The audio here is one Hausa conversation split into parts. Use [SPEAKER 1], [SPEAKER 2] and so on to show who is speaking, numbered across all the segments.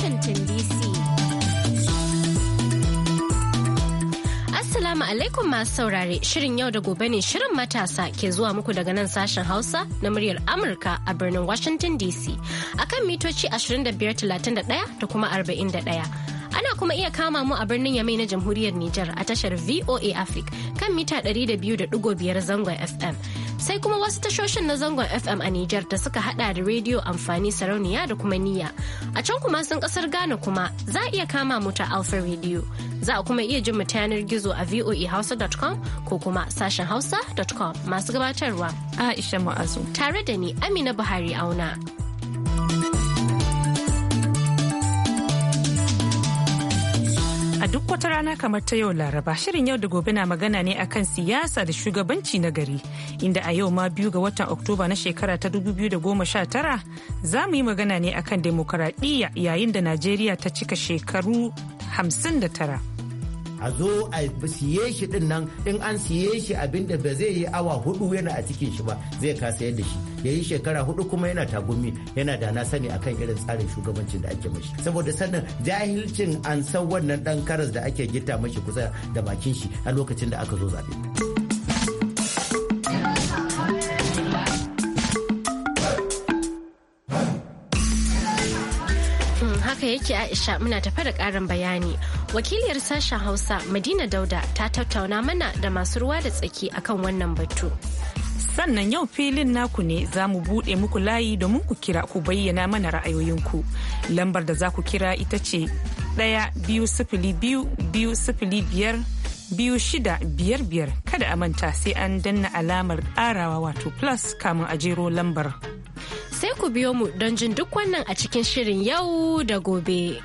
[SPEAKER 1] Washington DC. Assalamu alaikum masu saurare shirin yau da gobe ne shirin matasa ke zuwa muku daga nan sashen Hausa na muryar Amurka a birnin Washington DC akan mitoci 2531 da kuma 41. Ana kuma iya kama mu a birnin Yamai na Jamhuriyar Nijar a tashar VOA Africa kan mita 200.5 zangon FM sai kuma wasu tashoshin na zangon FM a Nijar da suka hada da rediyo amfani sarauniya da kuma niyya. A can kuma sun kasar Ghana kuma za a iya kama mu ta rediyo Radio. Za a kuma iya jin mu ta yanar gizo a voehausa.com ko kuma sashen hausa.com masu gabatarwa. Aisha Ma'azu. Tare da ni Amina Buhari Auna.
[SPEAKER 2] A duk wata rana kamar ta yau Laraba shirin yau da gobe na magana ne akan siyasa da shugabanci na gari inda a yau ma biyu ga watan Oktoba na shekara ta 2019 za mu yi magana ne akan demokaradiyya yayin da Najeriya ta cika shekaru 59. a zo a siye shi din nan in an siye shi abinda
[SPEAKER 3] ba zai yi awa hudu yana a cikin shi ba zai kasa yadda shi ya yi shekara hudu kuma yana tagumi yana da na sani akan irin tsarin shugabancin da ake mashi saboda sannan jahilcin an san wannan dan karas da ake gita mashi kusa da bakin shi a lokacin da aka zo zaɓe.
[SPEAKER 1] aiki Aisha muna tafa da ƙarin bayani. Wakiliyar sashen Hausa Madina Dauda ta tattauna mana da masu ruwa da tsaki akan
[SPEAKER 2] wannan batu. Sannan yau filin naku ne za mu buɗe muku layi domin ku kira ku bayyana mana ra'ayoyinku. Lambar da za ku kira ita ce ɗaya biyu sifili biyu biyu sifili biyar biyu shida biyar biyar kada a manta sai an danna alamar ƙarawa wato plus kamun a jero lambar. sai ku biyo mu don jin duk wannan a cikin shirin yau da gobe.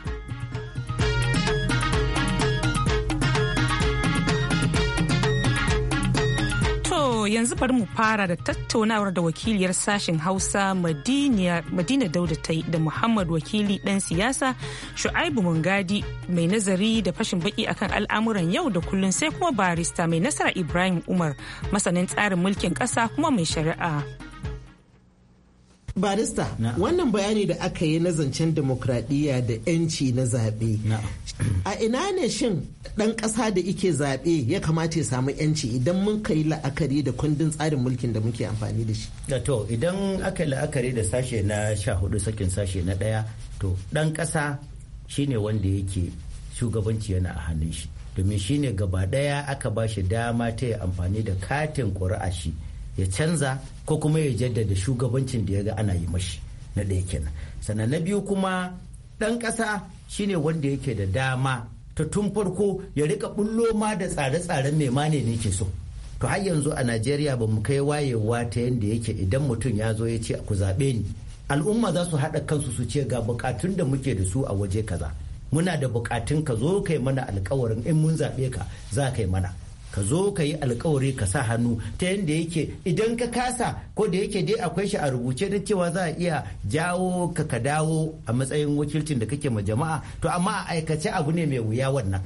[SPEAKER 2] To yanzu bari mu fara da tattaunawar da wakiliyar sashen Hausa Madina Dauda ta yi da Muhammad wakili ɗan siyasa Shu'aibu Mungadi mai nazari da fashin baki akan al'amuran yau da kullum sai kuma barista mai nasara Ibrahim Umar masanin tsarin mulkin ƙasa kuma mai shari'a. barista
[SPEAKER 4] wannan bayani da aka yi na zancen demokradiyya da 'yanci na zabe a ina ne shin ɗan ƙasa da ike zaɓe ya kamata ya samu 'yanci idan mun kai la'akari da kundin tsarin mulkin da muke amfani da shi
[SPEAKER 3] to idan aka yi la'akari da sashe na sha hudu sakin sashe na ɗaya to ɗan ƙasa shine wanda yake shugabanci yana a hannun shi domin shine gaba ɗaya aka ba shi dama ta yi amfani da katin ƙuri'a shi ya canza ko kuma ya jaddada shugabancin da ya ga ana yi mashi na ɗaya kenan sannan na biyu kuma ɗan ƙasa shine wanda yake da dama ta tun farko ya rika bullo ma da tsare-tsaren mai mane ne ke so to har yanzu a najeriya ba mu kai wayewa ta yadda yake idan mutum ya zo ya ce ku zaɓe ni al'umma za su haɗa kansu su ce ga bukatun da muke da su a waje kaza muna da bukatun ka zo kai mana alkawarin in mun zaɓe ka za kai mana ka zo ka yi alkawari ka sa hannu ta yadda yake idan ka kasa ko da yake dai akwai shi a rubuce da cewa za a iya jawo ka ka dawo a matsayin wakilcin da kake ma jama'a to amma a aikace abu ne mai wuya wannan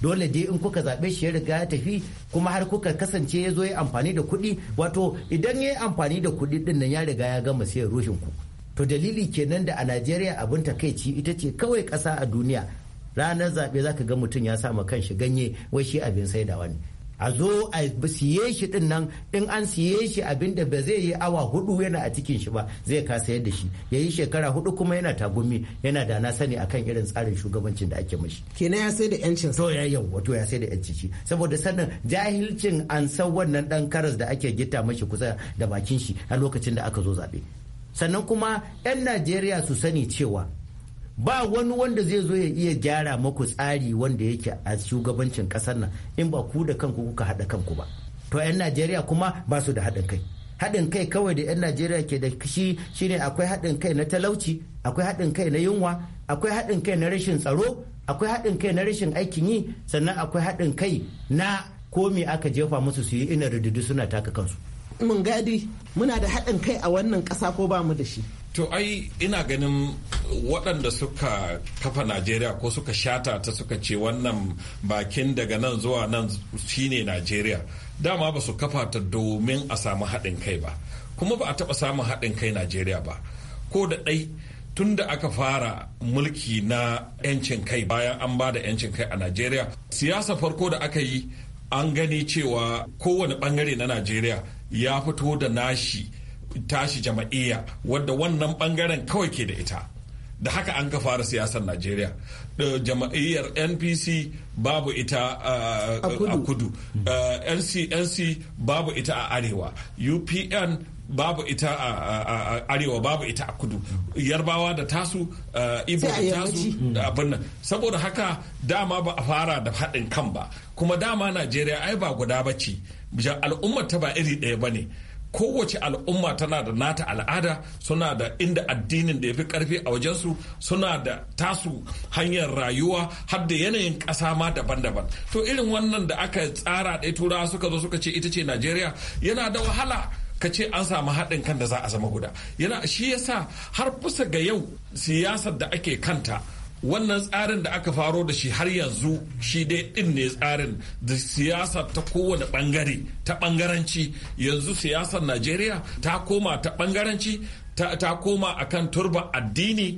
[SPEAKER 3] dole dai in kuka zaɓe shi ya riga ya tafi kuma har kuka kasance ya zo ya amfani da kuɗi wato idan ya yi amfani da kuɗi ɗin nan ya riga ya gama sai ruhin ku to dalili kenan da a najeriya abin takaici ita ce kawai ƙasa a duniya ranar zaɓe za ka ga mutum ya kan shi ganye wai shi abin saidawa wani a zo a siye shi din nan in an siye shi abin da ba zai yi awa hudu yana a cikin shi ba zai kasa yadda shi ya yi shekara hudu kuma yana tagumi yana da na sani akan irin tsarin shugabancin da ake mashi kenan ya sai da yancin to ya yau wato ya sai da yancin shi saboda sannan jahilcin an san wannan dan karas da ake gita mashi kusa da bakin shi a lokacin da aka zo zaɓe sannan kuma 'yan najeriya su sani cewa ba wani wanda zai zo ya iya gyara maku tsari wanda yake a shugabancin kasar nan in ba ku da kanku kuka haɗa kanku ba to 'yan najeriya kuma ba su da haɗin kai haɗin kai kawai da 'yan najeriya ke da shi shine akwai haɗin kai na talauci akwai haɗin kai na yunwa akwai haɗin kai na rashin tsaro akwai haɗin kai na rashin aikin yi sannan akwai haɗin kai na komi aka jefa musu su yi ina rududu suna taka kansu mun gadi muna da haɗin kai a wannan ƙasa ko ba mu da shi
[SPEAKER 5] To ai ina ganin waɗanda suka kafa Najeriya ko suka shata ta suka ce wannan bakin daga nan zuwa nan shine Najeriya dama ba su kafa ta domin a samu haɗin kai ba kuma ba a taɓa samun haɗin kai Najeriya ba ko da ɗai tun da aka fara mulki na 'yancin kai bayan an ba da 'yancin kai a Najeriya siyasa farko da aka yi an gani cewa kowane bangare na Najeriya ya fito da nashi tashi jama'iyya wadda wannan bangaren kawai ke da ita da haka an ka fara siyasar najeriya jama'iyyar npc babu ita uh, a kudu uh, ncnc babu ita a arewa upn babu ita a arewa babu ita a kudu yarbawa da tasu uh, ibo da tasu da abinnan saboda haka dama ba a fara da haɗin kan ba kuma dama najeriya ai ba guda ba ce al'ummar ta ba iri ɗaya ba ne kowace al'umma tana da nata al'ada suna da inda addinin da ya fi karfi a wajensu suna da tasu hanyar rayuwa har da yanayin ƙasa ma daban-daban to irin wannan da aka tsara ɗaya turawa suka zo suka ce ita ce najeriya yana da wahala ka ce an samu haɗin kan da za a zama guda yana shi yasa har kusa ga yau siyasar da ake kanta wannan tsarin da aka faro da shi har yanzu shi dai din ne tsarin da siyasa ta kowane bangare ta bangaranci yanzu siyasar najeriya ta koma ta bangaranci ta koma akan turba addini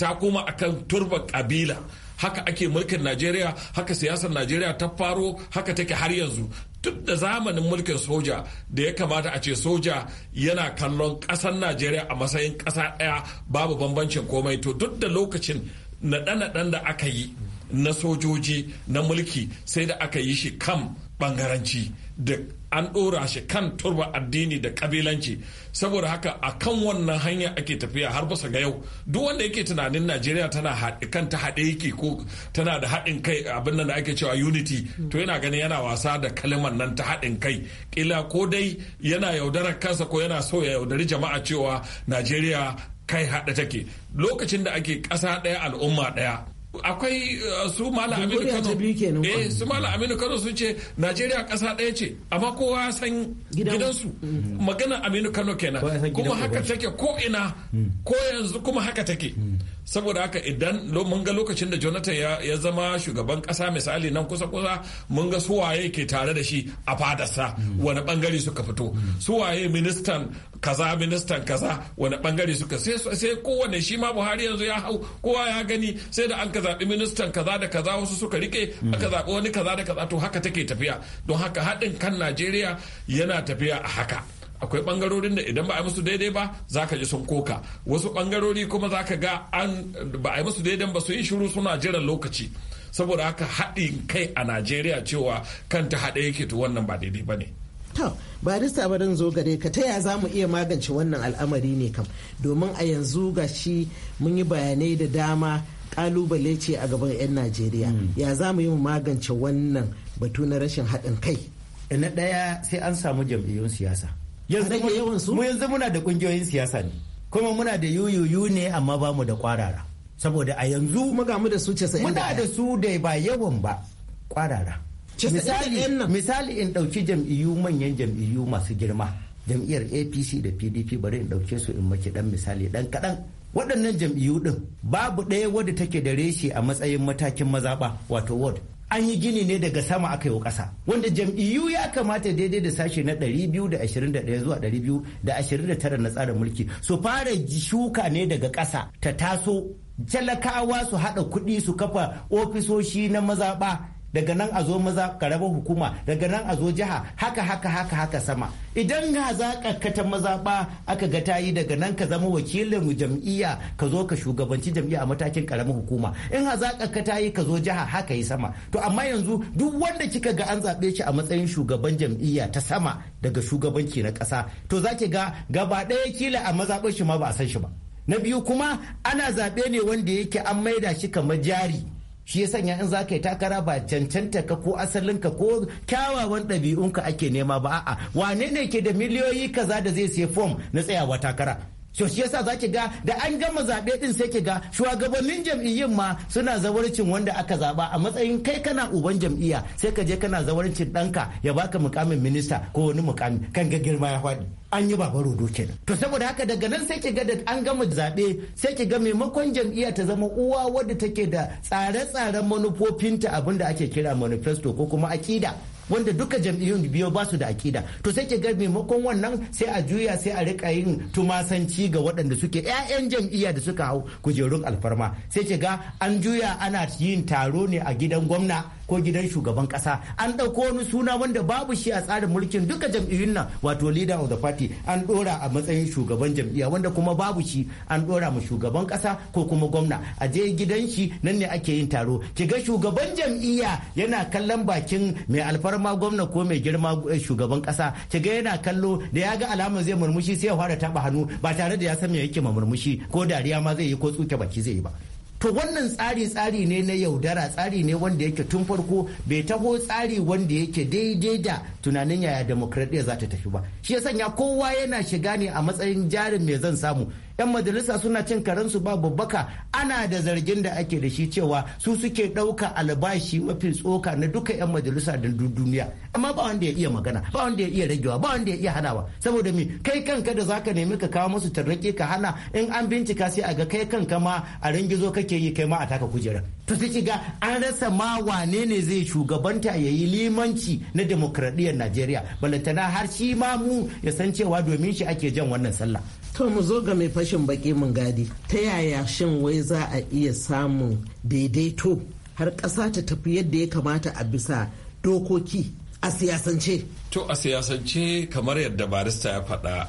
[SPEAKER 5] ta koma akan turba kabila haka ake mulkin najeriya haka siyasar najeriya ta faro haka take har yanzu duk da zamanin mulkin soja da ya kamata a ce soja yana kallon ƙasar najeriya a matsayin ƙasa ɗaya babu bambancin komai to duk da lokacin naɗe-naɗen da aka yi na sojoji na mulki sai da aka yi shi kan ɓangaranci da an ɗora shi kan turba addini da kabilanci saboda haka a kan wannan hanya ake tafiya har basa ga yau duk wanda yake tunanin najeriya tana kan ta haɗe yake ko tana da haɗin kai abin nan da ake cewa unity to yana ganin yana wasa da kalimar nan ta haɗin kai ƙila ko dai yana yaudarar kansa ko yana so ya yaudari jama'a cewa najeriya kai haɗa take lokacin da ake ƙasa ɗaya al'umma ɗaya akwai uh, su mala aminu kano eh su mala aminu kano sun ce najeriya kasa ɗaya ce amma kowa san gidansu mm. magana aminu kano kenan kuma haka take ko ina mm. ko yanzu kuma haka take mm. saboda haka idan mun ga lokacin da jonathan ya zama shugaban kasa misali nan kusa kusa mun ga suwaye ke tare da shi a fadarsa wani bangare suka fito suwaye ministan kaza ministan kaza wani bangare suka sai kowane shi ma buhari yanzu ya hau kowa ya gani sai da an zaɓi ministan kaza da kaza wasu suka rike aka zaɓi wani kaza da kaza to haka take tafiya don haka haɗin kan najeriya yana tafiya a haka akwai bangarorin da idan ba a yi musu daidai ba za ka ji sun koka wasu bangarori kuma za ka ga an ba a yi musu daidai ba su yi shiru suna jiran lokaci saboda haka haɗin kai a najeriya cewa kanta haɗe yake to wannan ba daidai ba ne To,
[SPEAKER 4] barista barin zo gare ka ta ya za mu iya magance wannan al'amari ne kam domin a yanzu ga shi mun yi bayanai da dama kalubale ce a gaban 'yan najeriya hmm. ya za
[SPEAKER 3] mu yi mu magance wannan batu na rashin haɗin kai eh, na ɗaya sai an samu jam'iyyun siyasa yanzu mu yanzu muna da ƙungiyoyin siyasa ne kuma muna da yuyuyu ne amma ba mu da kwarara saboda a yanzu muga mu da su ce muna da su da ba yawan ba kwarara misali misali in ɗauki jam'iyyu manyan jam'iyyu masu girma jam'iyyar apc da pdp bari in ɗauke su in maki dan misali dan kaɗan waɗannan jam'iyyu ɗin babu ɗaya wadda take da reshe a matsayin matakin mazaɓa wato ward an yi gini ne daga sama aka yi ƙasa wanda jam'iyyu ya kamata daidai da sashe na 221 zuwa 229 na tsarin mulki su fara shuka ne daga ƙasa ta taso talakawa su haɗa kuɗi su kafa ofisoshi na mazaɓa daga nan a zo maza karamar hukuma daga nan a zo jiha haka haka haka haka sama idan ga za ka ta maza ba aka ga ta yi daga nan ka zama wakilin jam'iyya ka zo ka shugabanci jam'iyya a matakin karamar hukuma in ha za ka tayi ka zo jiha haka yi sama to amma yanzu duk wanda kika ga an zaɓe shi a matsayin shugaban jam'iyya ta sama daga shugabanci na kasa to zaki ga gaba ɗaya kila a mazaɓar shi ma ba a san shi ba na biyu kuma ana zaɓe ne wanda yake an maida shi kamar jari shi ya sanya in za ka yi takara ba cancanta ka ko asalin ka ko kyawawan ɗabi'unka ake nema ba a'a wane ne ke da miliyoyi kaza da zai siya fom na tsayawa takara so shi yasa zaki ga da an gama zaɓe din sai ki ga shugabannin jam'iyyun ma suna zawarcin wanda aka zaba a matsayin kai kana uban jam'iyya sai ka je kana zawarcin danka ya baka mukamin minista ko wani mukami kan ga girma ya faɗi an yi babaro doke kenan to saboda haka daga nan sai ki ga da an gama zaɓe sai ki ga maimakon jam'iyya ta zama uwa wadda take da tsare-tsaren manufofinta abinda ake kira manifesto ko kuma akida wanda duka jam'iyyun biyu ba su da akida to sai ke ga maimakon wannan sai a juya sai a rika yin tumasanci ga waɗanda suke 'ya'yan jam'iyya da suka hau kujerun alfarma sai ke ga an juya ana yin taro ne a gidan gwamna ko gidan shugaban kasa an ɗauko wani suna wanda babu shi a tsarin mulkin duka jam'iyyun nan wato leader of the party an ɗora a matsayin shugaban jam'iyya wanda kuma babu shi an ɗora ma shugaban kasa ko kuma gwamna a je gidan shi nan ne ake yin taro ki ga shugaban jam'iyya yana kallon bakin mai alfarma har ma gwamna ko mai girma eh, shugaban kasa ga yana kallo da ya ga alamar zai murmushi sai ya fara taba hannu ba tare da ya san me yake ma murmushi ko dariya ma zai yi ko tsuke baki zai yi ba to wannan tsari tsari ne na yaudara tsari ne wanda yake tun farko bai taho tsari wanda yake daidai da tunanin yaya demokradiyya za ta tafi ba shi ya sanya kowa yana shiga ne a matsayin jarin me zan samu 'yan majalisa suna cin karensu ba babbaka ana da zargin da ake da shi cewa su suke ɗauka albashi mafi tsoka na duka 'yan majalisa da duniya amma ba wanda ya iya magana ba wanda ya iya ragewa ba wanda ya iya hanawa saboda me kai kanka da zaka nemi ka kawo musu tarnaki ka hana in an bincika sai a ga kai kanka ma a ringizo kake yi kai ma a taka kujera to sai ga an rasa ma wane ne zai shugabanta ya yi limanci na demokradiyyar Najeriya balantana har shi ma mu ya san cewa domin shi ake jan wannan sallah To mu zo ga mai fashin baki mun gadi.
[SPEAKER 4] Ta yaya shin wai za a iya samun daidaito har ƙasa ta tafi yadda ya kamata a bisa dokoki a siyasance?
[SPEAKER 5] To a siyasance kamar yadda barista ya faɗa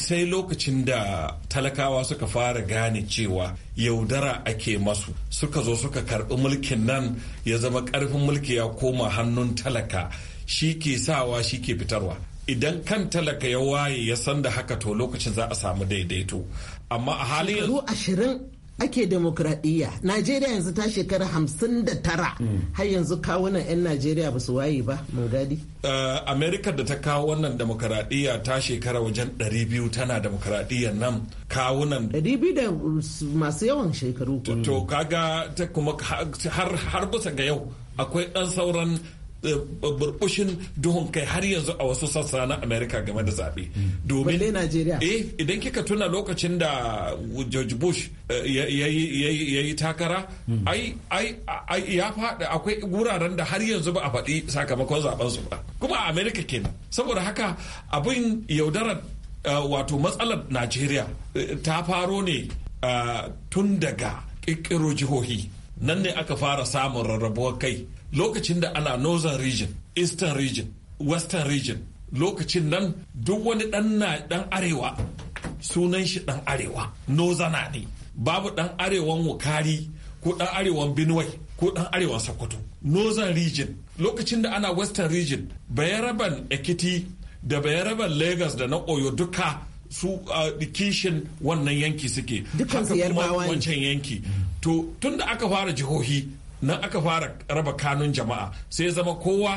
[SPEAKER 5] sai lokacin da talakawa suka fara gane cewa yaudara ake masu suka zo suka karɓi mulkin nan ya zama ƙarfin mulki ya koma hannun talaka shi ke sawa shi ke fitarwa. idan kan talaka ya waye ya san da haka to lokacin za a samu daidaito amma a halin yanzu
[SPEAKER 4] ashirin ake demokradiyya najeriya yanzu ta shekara hamsin da tara hmm. har yanzu kawunan 'yan najeriya ba su waye ba mugadi
[SPEAKER 5] eh, amerika da ta kawo wannan demokradiyya ta shekara wajen 200 tana demokradiyyar nan kawunan 200 da masu yawan shekaru to kaga kuma har bisa ga yau akwai dan sauran Eh, burbushin duhun kai har yanzu a wasu sassa na america game da zaɓe domin
[SPEAKER 4] eh
[SPEAKER 5] idan kika tuna lokacin da george bush eh, ya yi takara hmm. ai ya faɗi akwai wuraren da har yanzu ba a faɗi sakamakon zaben su ba kuma a america kenan saboda haka abin yaudarar eh, wato matsalar najeriya ta faro ne tun daga ƙirƙiro jihohi nan ne aka fara samun rarrabuwar kai lokacin da ana northern region eastern region western region lokacin nan duk wani dan arewa sunan shi dan arewa nozana ne babu dan arewan wukari ko dan arewan benue ko dan arewan sokoto northern region lokacin da ana western region bayaraban ekiti da bayaraban lagos da na oyo duka su ah, kishin wannan yanki suke haka kuma wancan yanki to tun da aka fara jihohi nan aka fara raba kanun jama'a sai zama kowa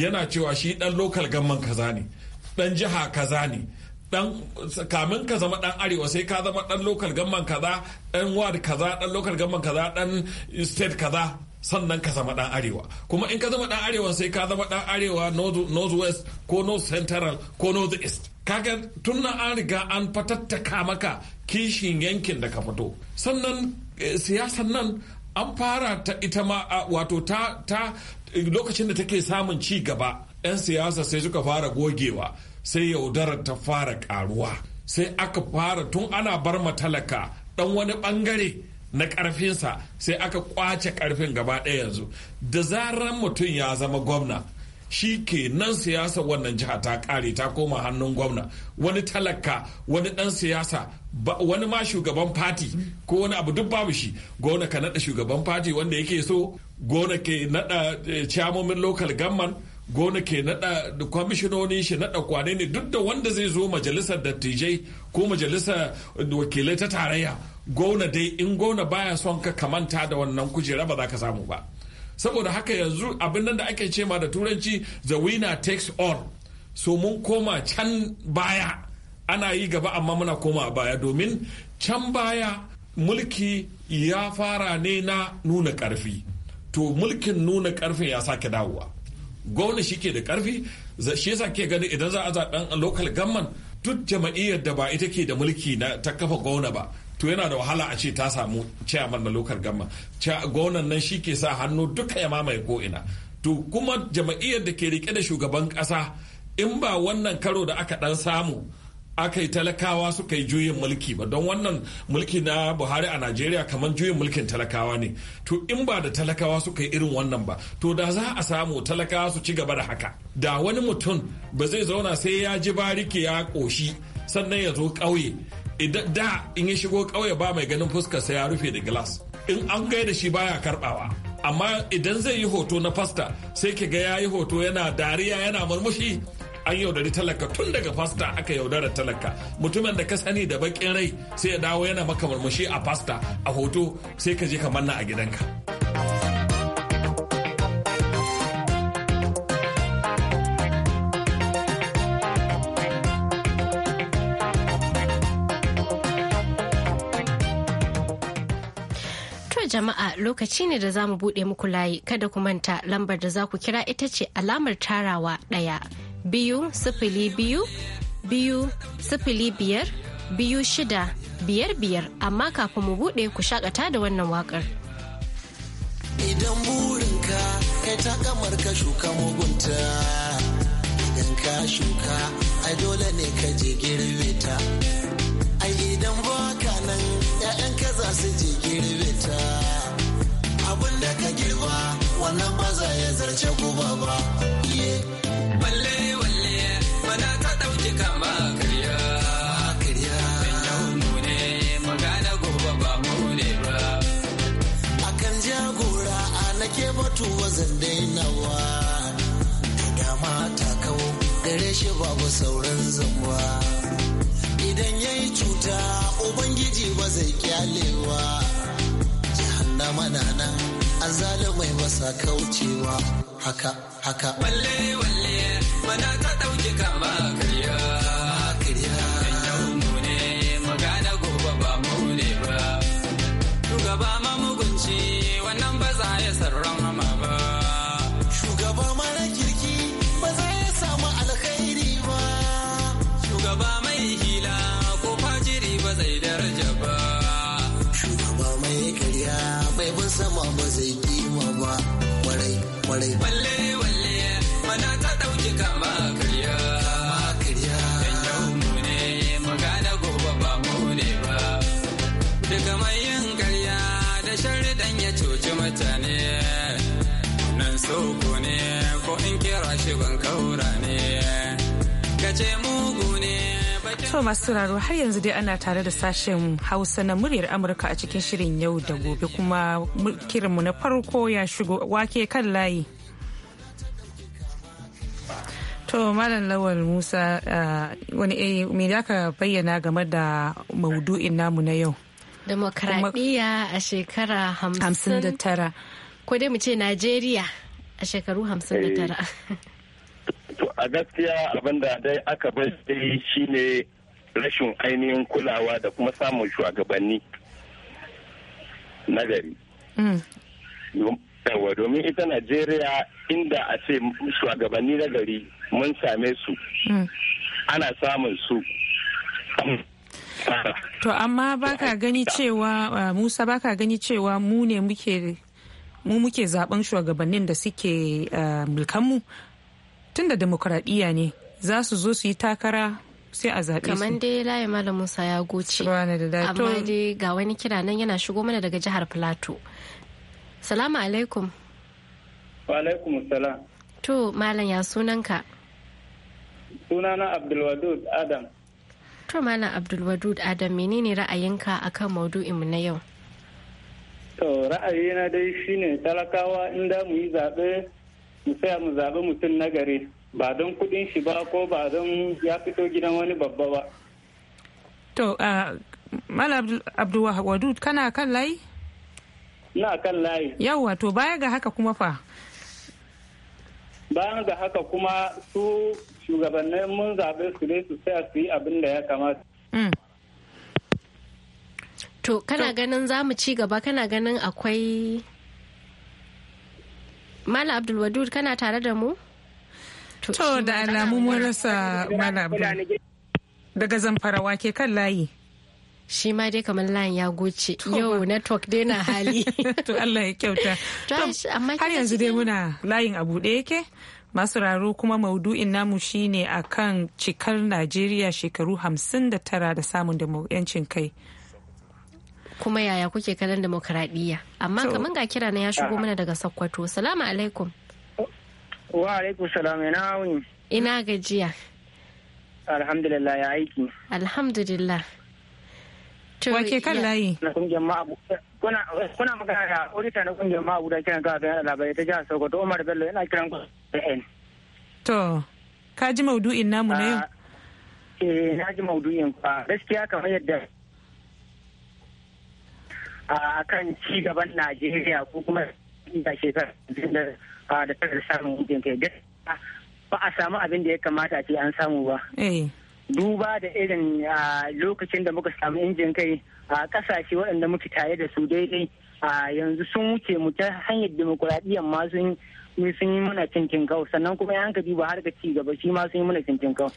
[SPEAKER 5] yana cewa shi dan lokal gamman kaza ne dan jiha kaza ne dan kamin ka zama dan arewa sai ka zama dan lokal gamman kaza dan ward kaza dan lokal gamman kaza dan state kaza sannan ka zama dan arewa kuma in ka zama dan arewa sai ka zama dan arewa north west ko north central ko north east kaga tun na an riga an fatattaka maka kishin yankin da ka fito sannan eh, siyasan nan an fara ta ita ma wato ta lokacin da take samun ci gaba 'yan siyasa sai suka fara gogewa sai yaudarar ta fara karuwa sai aka fara tun ana bar talaka dan wani bangare na karfinsa sai aka kwace karfin gaba ɗaya yanzu da zarar mutum ya zama gwamna shi ke nan siyasa wannan jiha ta kare ta koma hannun gwamna wani talaka wani dan siyasa wani ma shugaban fati ko wani abu duk babu shi gwamna ka nada shugaban fati wanda yake so gwamna ke nada eh, chairman local government gona ke nada kwamishinoni shi nada kwane ne duk da wanda zai zo majalisar dattijai ko majalisar wakilai ta tarayya gona dai in gona baya son ka kamanta da wannan kujera ba za ka samu ba saboda haka yanzu abin nan da ake ce ma da turanci the winner takes all so mun koma can baya ana yi gaba amma muna koma baya domin can baya mulki ya fara ne na nuna karfi to mulkin nuna karfi ya sake dawowa gwamna shi ke da karfi shi yasa ke gani idan za a zaɓen local government duk jama'iyyar da ba ita ke da mulki na ta kafa gwamna ba to yana da wahala a ce ta samu chairman na lokar gamma gwamnan nan shi ke sa hannu duka ya mamaye koina ina to kuma jama'iyyar da ke rike da shugaban kasa in ba wannan karo da aka dan samu aka yi talakawa suka yi juyin mulki ba don wannan mulki na buhari a najeriya kamar juyin mulkin talakawa ne to in ba da talakawa suka yi irin wannan ba to da za a samu talakawa su ci gaba da haka da wani mutum ba zai zauna sai ya ji bariki ya ƙoshi sannan ya zo ƙauye idan da in ya shigo ƙauye ba mai ganin fuskarsa ya rufe da gilas in an gaida shi baya karbawa amma idan zai yi hoto na fasta sai ki ga yayi hoto yana dariya yana murmushi an yaudari talaka tun daga fasta aka yaudara talaka mutumin da ka sani da bakin rai sai ya dawo yana maka murmushi a fasta a hoto sai ka je ka manna a gidanka.
[SPEAKER 1] jama'a lokaci ne da za mu buɗe muku layi kada ku manta lambar da za ku kira ita ce alamar tarawa ɗaya biyu sifili biyu biyu sifili biyar biyu shida biyar biyar amma kafin mu buɗe ku shakata da wannan waƙar.
[SPEAKER 4] Idan burinka kai kamar ka shuka mugunta in ka shuka ai dole ne ka je girbe ta ai idan baka nan ka
[SPEAKER 6] za su je ya girba wannan ba za ya zarce guba ba balle walle bana ta ɗauki kama karya karya yau ne magana gobe ba mu ne ba akan jagora a nake batu wazan
[SPEAKER 4] dainawa da dama ta kawo gare shi babu sauran zamba idan yayi cuta ubangiji ba zai kyalewa jahannama na nan azalumai mai masa kaucewa haka haka
[SPEAKER 6] walle walle mana ta dauki kan kwarai walle walle mana ta dauki kama karya karya yau mu ne magana gobe ba mu ne ba daga mai yin karya da sharidan ya cuci mutane nan soko ne ko in kira shi ban kaura ne
[SPEAKER 2] To masu sauraro har yanzu dai ana tare da sashen Hausa na muryar Amurka a cikin shirin yau da gobe kuma kirinmu na farko ya shigo wake kan layi. To Malam Lawal Musa wani eh, me da ka bayyana game da maudu'in namu na yau?
[SPEAKER 1] Demokradiyya a shekara hamsin da tara. Ko dai mu ce Najeriya a shekaru hamsin da tara.
[SPEAKER 7] Eh, to a gaskiya abinda dai aka bai shi shine rashin ainihin kulawa da kuma samun shugabanni nagari. Mm. Yawwa domin ita Najeriya inda a ce shugabanni nagari mun same su, mm. ana samun su.
[SPEAKER 2] To amma baka gani cewa uh, Musa baka gani cewa mu ne muke mu muke zaben shugabannin da suke uh, mulkanmu tunda demokradiyya ne za su zo su yi takara sai a zaɓe su kamar
[SPEAKER 1] dai layi malam musa ya goce amma dai ga wani kira nan yana shigo mana daga jihar plateau salamu alaikum
[SPEAKER 2] wa
[SPEAKER 7] alaikum salam
[SPEAKER 1] to malam ya sunanka
[SPEAKER 7] sunana abdulwadud adam
[SPEAKER 1] to malam abdulwadud adam menene ra'ayinka akan mu na yau
[SPEAKER 7] to ra'ayina dai shine talakawa inda mu yi zaɓe mu saya mu zaɓi mutum na gari ba don kudin shi ba ko ba don ya fito gidan wani babba ba.
[SPEAKER 2] To, Malam Abdulwawadud kana kan layi? Na kan layi. Yawwa, to baya ga haka kuma fa?
[SPEAKER 7] Bayan ga haka kuma su shugabannin mun zaɓe su ne su sai su yi abin da ya kamata.
[SPEAKER 1] Mm. To, kana ganin za mu ci gaba kana ganin akwai... Mala Abdulwadud kana tare da mu?
[SPEAKER 2] To da alamu mun rasa mana abu. Daga zamfara wake kan layi. shi ma dai kamar
[SPEAKER 1] layin ya goce yau network dai na hali
[SPEAKER 2] to Allah ya kyauta har yanzu dai muna layin a buɗe yake masu raro kuma maudu'in namu shine akan cikar Najeriya shekaru hamsin da samun da yancin kai
[SPEAKER 1] kuma yaya kuke kallon demokradiyya amma kamar ga kira na ya shigo mana daga Sokoto salamu alaikum Wa alaikum salam ina wuni. Ina gajiya. Alhamdulillah ya aiki. Alhamdulillah. Wake kan layi. Na kungiyar
[SPEAKER 7] ma'abu. Kuna kuna magana da audita na kungiyar ma'abu da kiran kawai bayan labarai ta jihar Sokoto Umar
[SPEAKER 2] Bello yana kiran ku AN. To, ka ji maudu'in namu na yau? Ah, eh, na ji maudu'in ku. Ah, gaskiya kamar yadda
[SPEAKER 7] a ah, kan ci gaban Najeriya ko kuma da shekarar da
[SPEAKER 3] sanar samun kai ba a samu abin da ya kamata ce an samu ba. Eh. Duba da irin lokacin da muka samu injin kai a kasashe waɗanda muke tare da su daidai a yanzu sun wuce mu ta hanyar demokuraɗiyyar ma sun sun yi mana cincin kau sannan kuma ya hanka duba har ga ci gaba shi ma sun yi mana cincin kau.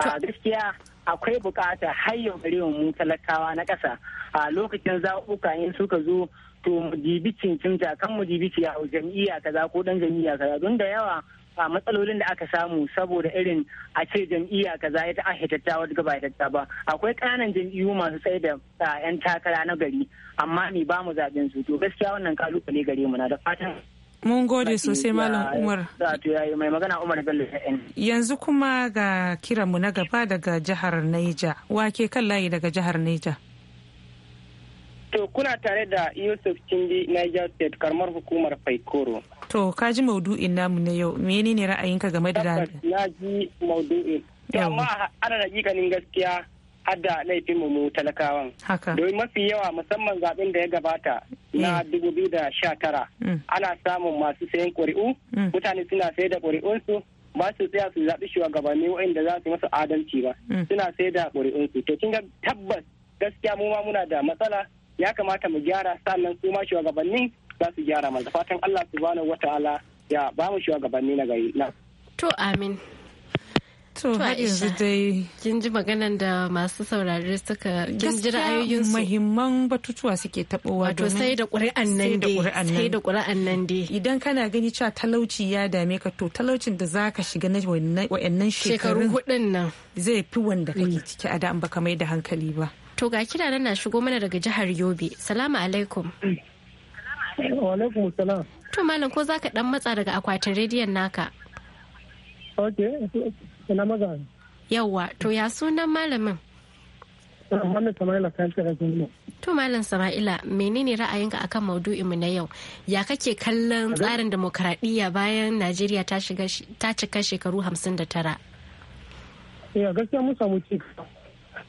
[SPEAKER 3] gaskiya akwai bukata har yau gare mu talakawa na ƙasa a lokacin zaɓuka
[SPEAKER 7] in suka zo to mujibicin kin kan mujibici a jam'iyya kaza ko dan jam'iyya kaza
[SPEAKER 3] don da yawa a matsalolin da aka samu saboda irin a ce jam'iyya kaza ya ta'a hitatta wata gaba hitatta ba akwai ƙananan jam'iyyu masu tsaye da yan takara na gari amma ni ba mu zaɓen su to gaskiya wannan kalubale gare mu na da fatan
[SPEAKER 2] mun gode sosai malam umar mai magana umar bello yanzu kuma ga kiranmu na gaba daga jihar naija wake kan layi daga jihar naija To kuna
[SPEAKER 7] tare da Yusuf Cimbi Niger State karamar hukumar Faikoro.
[SPEAKER 2] To ka ji maudu'in namu na yau menene ra'ayinka game da
[SPEAKER 7] Na ji maudu'in. Amma ana da ganin gaskiya hada laifin mu mu talakawan. Haka. Domin mafi yawa musamman zaben da ya gabata na eh. dubu biyu da sha tara. Mm. ana samun masu sayan ƙuri'u mm. mutane suna sayar da ƙuri'unsu ba su tsaya su zaɓi shugabanni waɗanda za su masu adalci ba mm. suna sayar da ƙuri'unsu to kin ga tabbas gaskiya mu ma muna da matsala ya kamata mu gyara sannan su ma shugabanni za su gyara mana fatan Allah subhanahu wataala ya ba
[SPEAKER 1] mu shugabanni na gari na to amin to yanzu dai kin ji maganan da masu saurare suka kin ji ra'ayoyin su
[SPEAKER 2] muhimman batutuwa suke tabowa Wato sai da ƙuri'an nan sai da ƙuri'an nan dai idan kana gani cewa talauci ya dame ka to talaucin da zaka shiga na wayannan shekarun hudun nan zai fi wanda kake ciki a da baka mai da hankali ba To ga kira
[SPEAKER 1] nan na shigo mana daga jihar Yobe. Salamu alaikum. Wa alaikum salam. To malam ko zaka dan matsa daga akwatin rediyon naka? Okay, ina maza. Yawwa, to ya sunan malamin? Ah, malam Sama'ila kan tsara To Malam Sama'ila, menene ra'ayinka akan mu na yau? Ya kake kallon tsarin demokaradiyya bayan Najeriya ta cika shekaru 59?
[SPEAKER 7] Ya eh, gaskiya mun samu cikin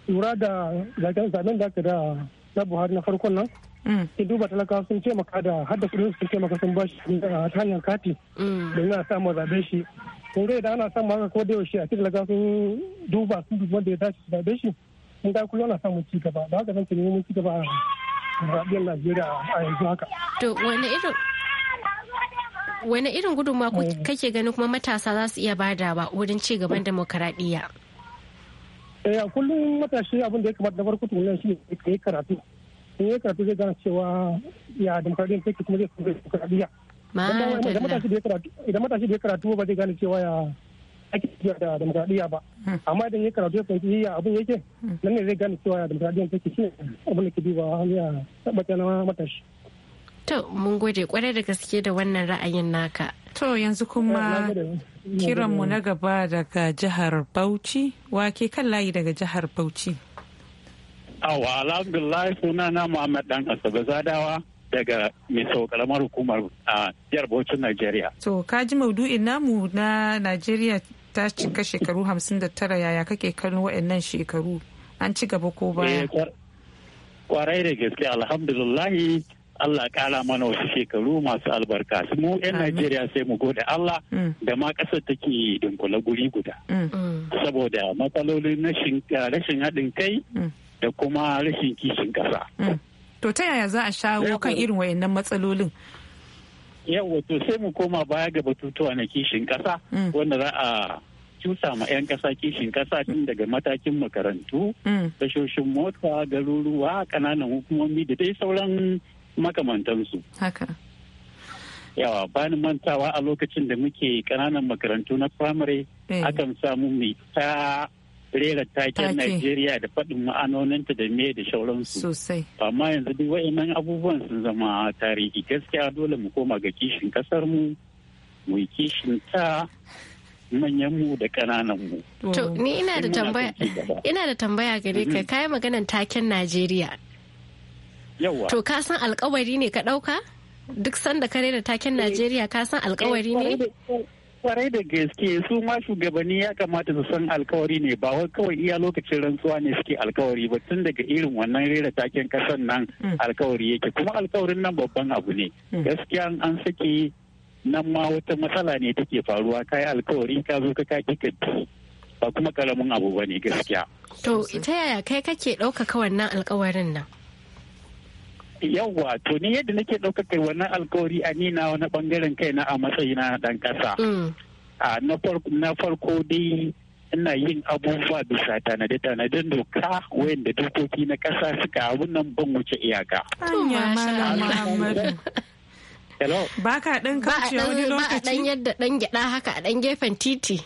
[SPEAKER 7] lura da zaken zaben da aka da na buhari na farkon nan sai mm. duba talaka sun ce maka da hadda kudin sun maka sun ba shi eh, ta hanyar kati mm. domin a samun zaben shi sun ga idan ana samu haka ko da yaushe a cikin talaka sun duba sun duba wanda ya dace su zaben shi sun ga kullum ana samun ci gaba da haka zan tuni mun ci gaba a zaben najeriya a yanzu haka.
[SPEAKER 1] to wani irin wani irin gudunmawa eh. kake ganin kuma matasa za su iya badawa wurin ci gaban demokaradiyya.
[SPEAKER 7] eh kullum matashi abin da ya kamata na farko tunan shi ne karatu in ya karatu zai gana cewa ya demokradiyyar take kuma zai kuma zai demokradiyya idan matashi da ya karatu ba zai gane cewa ya ake da demokradiyya ba hmm. amma idan ya karatu ya fahimci ya abin yake hmm. nan ne zai gane cewa ya demokradiyyar take shi ne abin da ke biyu duba ya tabbatar na matashi
[SPEAKER 1] To mun gode kwarai da gaske da wannan ra'ayin naka. To yanzu
[SPEAKER 2] kuma eh, kiranmu na gaba daga jihar Bauchi wake kan layi daga jihar Bauchi.
[SPEAKER 7] Awa alhamdulillah suna na Muhammad Dan Asabe Zadawa daga Miso karamar hukumar a jihar Bauchi Najeriya.
[SPEAKER 2] To ka ji maudu'in namu na Najeriya ta cika shekaru 59 yaya kake kallon waɗannan shekaru an ci gaba ko baya? Eh,
[SPEAKER 7] kwarai da gaske alhamdulillah Allah kara mana wasu shekaru masu albarka mu 'yan Najeriya sai mu gode Allah mm. da ma ƙasar take dunkule guri guda mm. saboda matsalolin eh, rashin haɗin kai mm. da kuma rashin kishin ƙasa.
[SPEAKER 2] To ta yaya za a shawo kan irin wayannan matsalolin? Yawwa to sai mu koma baya ga batutuwa
[SPEAKER 7] na kishin ƙasa wanda za a cusa ma 'yan ƙasa kishin ƙasa tun daga matakin makarantu tashoshin mota garuruwa ƙananan hukumomi da dai sauran makamantansu haka yawa bani mantawa a lokacin da muke ƙananan makarantu na firamare eh. akan samu mai ta rera taken Najeriya da faɗin ma'anoninta da me da shauransu. Sosai. Amma yanzu duk wa'annan abubuwan sun zama tarihi gaskiya dole mu koma ga kishin kasar mu mu kishin ta manyan da kananan
[SPEAKER 1] To ni ina da tambaya gare ka mm-hmm. kayan maganan taken Najeriya
[SPEAKER 7] yawa to ka
[SPEAKER 1] san alkawari ne ka ɗauka duk sanda ka da taken eh, najeriya ka san alkawari ne
[SPEAKER 7] eh, kwarai da gaske su ma shugabanni ya kamata su san alkawari ne ba wai kawai iya lokacin rantsuwa ne suke alkawari ba tun daga irin wannan rera taken kasan nan hmm. alkawari yake kuma alkawarin nan babban abu ne hmm. gaskiya an saki nan ma wata matsala ne take faruwa kayi alkawari ka zo ka kaki ka ba kuma karamin abu bane gaskiya
[SPEAKER 1] to ita yaya kai kake ɗaukaka wannan alkawarin nan
[SPEAKER 7] yawwa to ni yadda nake ɗaukar kai wannan alkawari a ni na wani bangaren kaina a matsayina na ɗan ƙasa. Mm. na farko dai ina yin abubuwa bisa tanade tanaden doka wayanda dokoki na ƙasa suka abun nan ban wuce iyaka.
[SPEAKER 2] Ba ka ɗan wani lokaci? Ba a ɗan yadda
[SPEAKER 1] ɗan gyaɗa haka a ɗan gefen titi.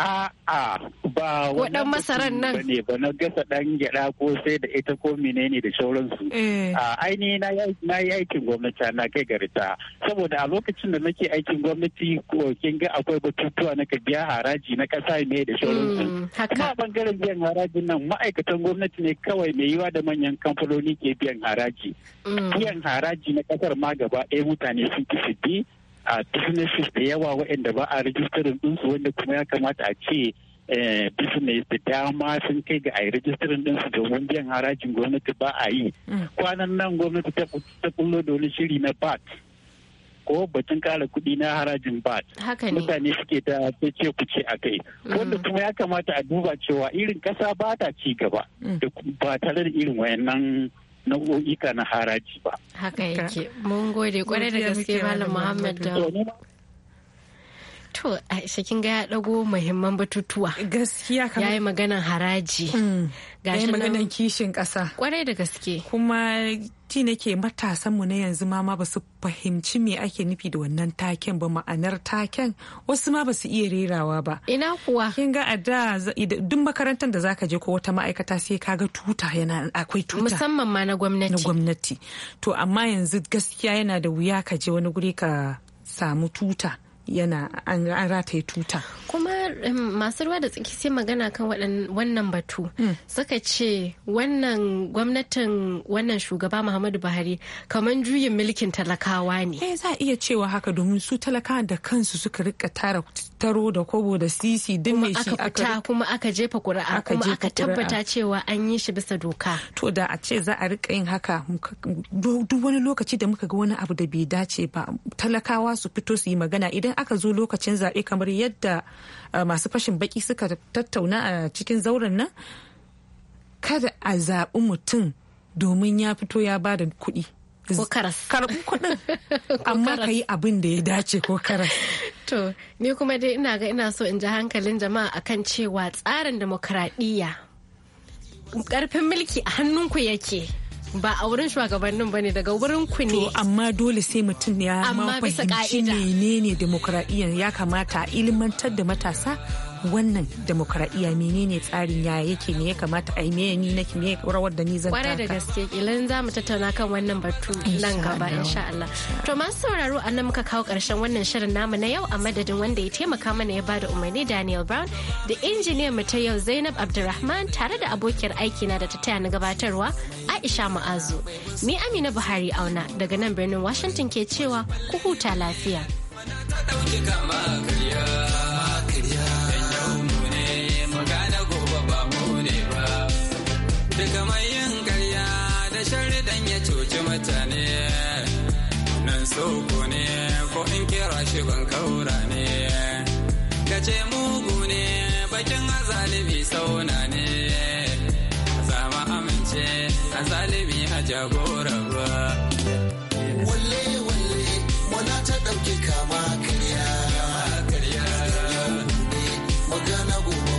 [SPEAKER 7] A'a ba wadan masaran nan ne ba na gasa dan gyada ko sai da ita ko menene da sauransu. Eh. Aini na yi aikin gwamnati na kai garita saboda a lokacin da nake aikin gwamnati ko kin ga akwai batutuwa na ka biya haraji na kasa ne da sauransu. su. Mm, bangaren biyan harajin nan ma'aikatan gwamnati ne kawai mai yiwa da manyan kamfanoni ke biyan haraji. Mm. Biyan haraji na kasar ma gaba ɗaya mutane sun ki a businesses da yawa waɗanda ba a rijistar ɗinsu wanda kuma ya kamata a ce eh, business da dama sun kai ga a yi rijistar ɗinsu domin biyan harajin gwamnati ba a yi mm. kwanan nan gwamnati ta kullo da wani shiri na bat ko batun kara kuɗi na harajin bat mutane suke ta ce ku ce a kai mm. wanda kuma ya kamata a duba cewa irin ƙasa ba ta ci gaba mm. ba tare da irin wayannan nau'o'ika na haraji ba.
[SPEAKER 1] Haka yake, mun gode kwarai da gaske Malam Muhammad da To, Aisha kin ga ya ɗago muhimman batutuwa. Gaskiya kamar. Ya yi maganan
[SPEAKER 2] haraji. Mm. Ga maganan kishin ƙasa. Kwarai da gaske. Kuma ti nake matasanmu na yanzu ma ma basu fahimci me ake nufi da wannan taken ba ma'anar taken wasu ma basu iya rerawa ba ina kuwa kin ga a da duk makarantar da za ka je ko wata ma'aikata sai ka ga tuta yana akwai tuta musamman ma na gwamnati na gwamnati to amma yanzu gaskiya yana da wuya ka je wani guri ka samu tuta yana an rataye tuta
[SPEAKER 1] kuma masu ruwa da tsaki sai magana kan wannan batu hmm. suka ce wannan gwamnatin wannan shugaba
[SPEAKER 2] muhammadu buhari kamar juyin mulkin talakawa ne eh za a iya cewa haka domin su talakawa da kansu suka rika tara taro da kobo da sisi duk mai shi aka
[SPEAKER 1] kuma aka jefa
[SPEAKER 2] kuri'a kuma aka tabbata cewa an yi shi bisa doka to da a ce za a rika yin haka duk wani lokaci da muka ga wani abu da bai dace ba talakawa su fito su yi magana idan aka zo lokacin zaɓe kamar yadda masu fashin baki suka tattauna a cikin zauren nan kada a zaɓi mutum domin ya fito ya bada kuɗi ko karas Kar kuɗin amma ka yi abin da ya dace ko karas
[SPEAKER 1] to ni kuma dai ina ga ina so in ji hankalin jama'a akan cewa tsarin demokradiyya karfin mulki a hannun hannunku yake ba a wurin shugabannin ba ne daga wurin ku ne
[SPEAKER 2] amma dole sai mutum ya ma fahimci menene demokradiyya ya kamata ilmantar da matasa wannan demokradiyya menene tsarin yaya yake ne ya kamata a yi me ni nake ya rawar da ni zan taka da gaske
[SPEAKER 1] kilan za mu tattauna kan wannan batu nan gaba insha Allah to masu sauraro a nan muka kawo karshen wannan shirin namu na yau a madadin wanda ya taimaka mana ya bada umarni Daniel Brown da injiniyan mu ta yau Zainab Abdulrahman tare da abokiyar aiki na da ta taya na gabatarwa Aisha Mu'azu ni Amina Buhari auna daga nan birnin Washington ke cewa ku huta lafiya. ta
[SPEAKER 6] ɗauki kama karya. soko ne ko in kira shi ban kaura ne ka ce mugu ne bakin azalibi sauna ne zama amince azalibi a jagora ba walle walle ta ɗauki kama karya magana gobe